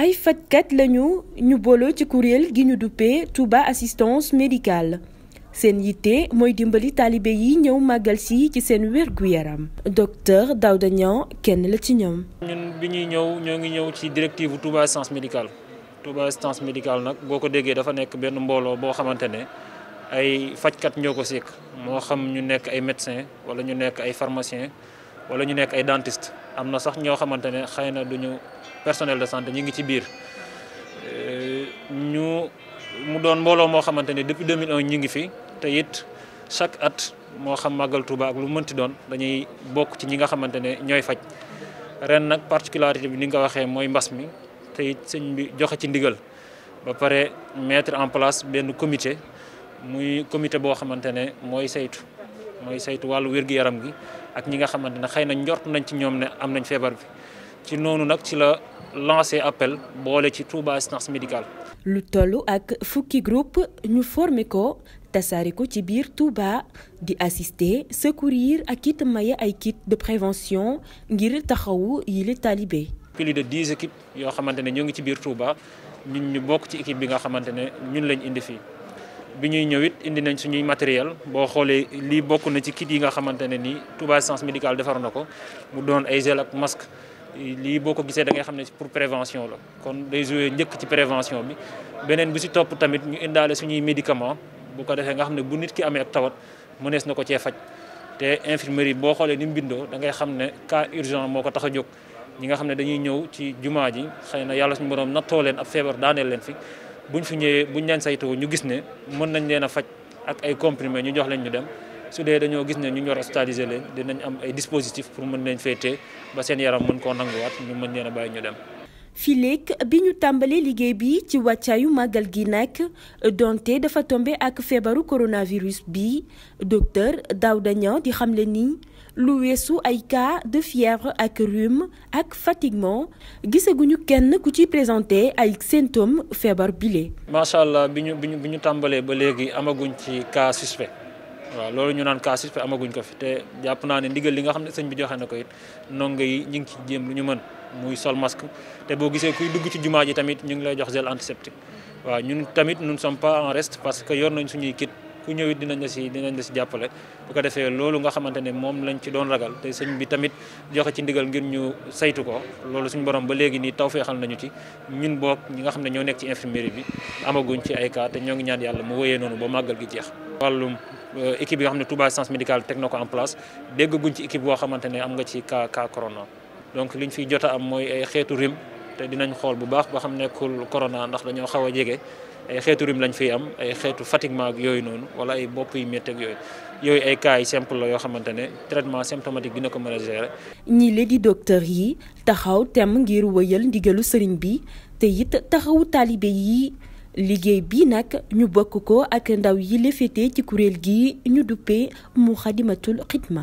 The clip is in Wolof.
ay fajkat lañu ñu boole ci kuréel gi ñu assistance médicale seen yitte mooy dimbali talibé yi ñëw màggal ci seen gu yaram docteur Daouda kenn la ci ñoom. ñun bi directive Touba assistance médicale Touba assistance médicale nak boo ko déggee dafa nekk ay xam médecin wala amna sax ño xamantene ne duñu personnel de santé ñi ngi ci biir euh, ñu mu doon mbolo mo xamantene depuis 2001 ñi ngi fi te it chaque at mo xam magal Touba ak lu meunti doon dañuy bok ci ñi nga xamantene ne fajj ren nak particularité bi ni nga waxe moy mooy mi te it señ bi joxe ci ndigal ba pare mettre en place ben comité muy comité bo xamantene ne saytu moy saytu walu wér yaram gi ak ñi nga xamante xeyna ñort nañ ci ñom ne am nañ feebar bi ci nonu nak ci la lancer appel boole ci Touba assistance médicale. lu tollu ak fukki groupe ñu formé ko tasaare ci biir Touba di assister secourir ak kit maye ay kit de prévention ngir taxawu yile talibé. plus de 10 équipes yo xamante ne ngi ci biir Touba ñun ñu bok ci équipe bi nga xamante ñun lañ indi fi bi ñuy ñëw it indi nañ suñuy matériel boo xoolee lii bokk na ci kit yi nga xamante ne nii Touba Sens Médical defar na ko mu doon ay gel ak masque lii boo ko gisee da ngay xam ne pour prévention la kon day joué njëkk ci prévention bi beneen bi si topp tamit ñu indaale suñuy médicament bu ko defee nga xam ne bu nit ki amee ak tawat mënees na ko cee faj te infirmerie boo xoolee ni mu bindoo da ngay xam ne cas urgent moo ko tax a jóg ñi nga xam ne dañuy ñëw ci jumaa ji xëy na yàlla suñu borom nattoo leen ab feebar daaneel leen fi bu ñu fi ñëwee bu buñ leen saytoo ñu gis ne mën nañ leen a faj ak ay comprimés ñu jox leen ñu dem su dee dañoo gis ne ñu ñor hospitaliser leen dinañ am ay dispositifs pour mën leen féetee ba seen yaram mën koo nanguwaat ñu mën leen a bàyyi ñu dem. fileek bi ñu tàmbalee liggéey bi ci wàccaayu màggal gi nag donte dafa tombe ak feebaru coronavirus bi docteur Daouda Niang di xamle ni lu weesu ay cas de fièvre ak rhume ak fatiguement gisaguñu kenn ku ci présenté ay symptômes feebar bile. macha allah bi ñu bi ñu tàmbalee ba léegi amaguñ ci cas suspect. waaw loolu ñu naan cas suspect amaguñ ko fi te jàpp naa ne ndigal li nga xam ne sëñ bi joxe na ko it ndongo yi ñu ngi ci jéem lu ñu mën muy sol masque te boo gisee kuy dugg ci jumaa ji tamit ñu ngi lay jox gel antiseptique waaw ñun tamit nous ne sommes pas en reste parce que yoon nañ suñuy kit ku ñëwit dinañ la si dinañ la si jàppale bu ko defee loolu nga xamante ne moom lañ ci doon ragal te sëñ bi tamit joxe ci ndigal ngir ñu saytu ko loolu suñu borom ba léegi nii taw feexal nañu ci ñun boog ñi xam ne ñoo nekk ci infirmerie bi amaguñ ci ay cas te ñoo ngi yàlla mu wëyee noonu ba màggal gi jeex Euh, équipe yoo xam ne Touba Assistance Médicale teg na ko en place déggaguñ ci équipe boo xamante ne am nga ci cas cas corona. donc liñ fiy jot a am mooy ay xeetu rhume te dinañ xool bu baax ba xam ne nekkul corona ndax dañoo xaw a jege ay xeetu rhume lañ fiy am ay xeetu fatiguement ak yooyu noonu wala ay bopp yu métti ak yooyu. yooyu ay cas yi simple la yoo xamante ne traitement symptomatique dina ko mën a gérer. ñii la di docteur yi taxaw tem ngir wëyal ndigalu sëriñ bi te it taxawu yi. liggéey bi nag ñu bokk ko ak ndaw yi la ci kuréel gi ñu duppee mu xadimatul xidma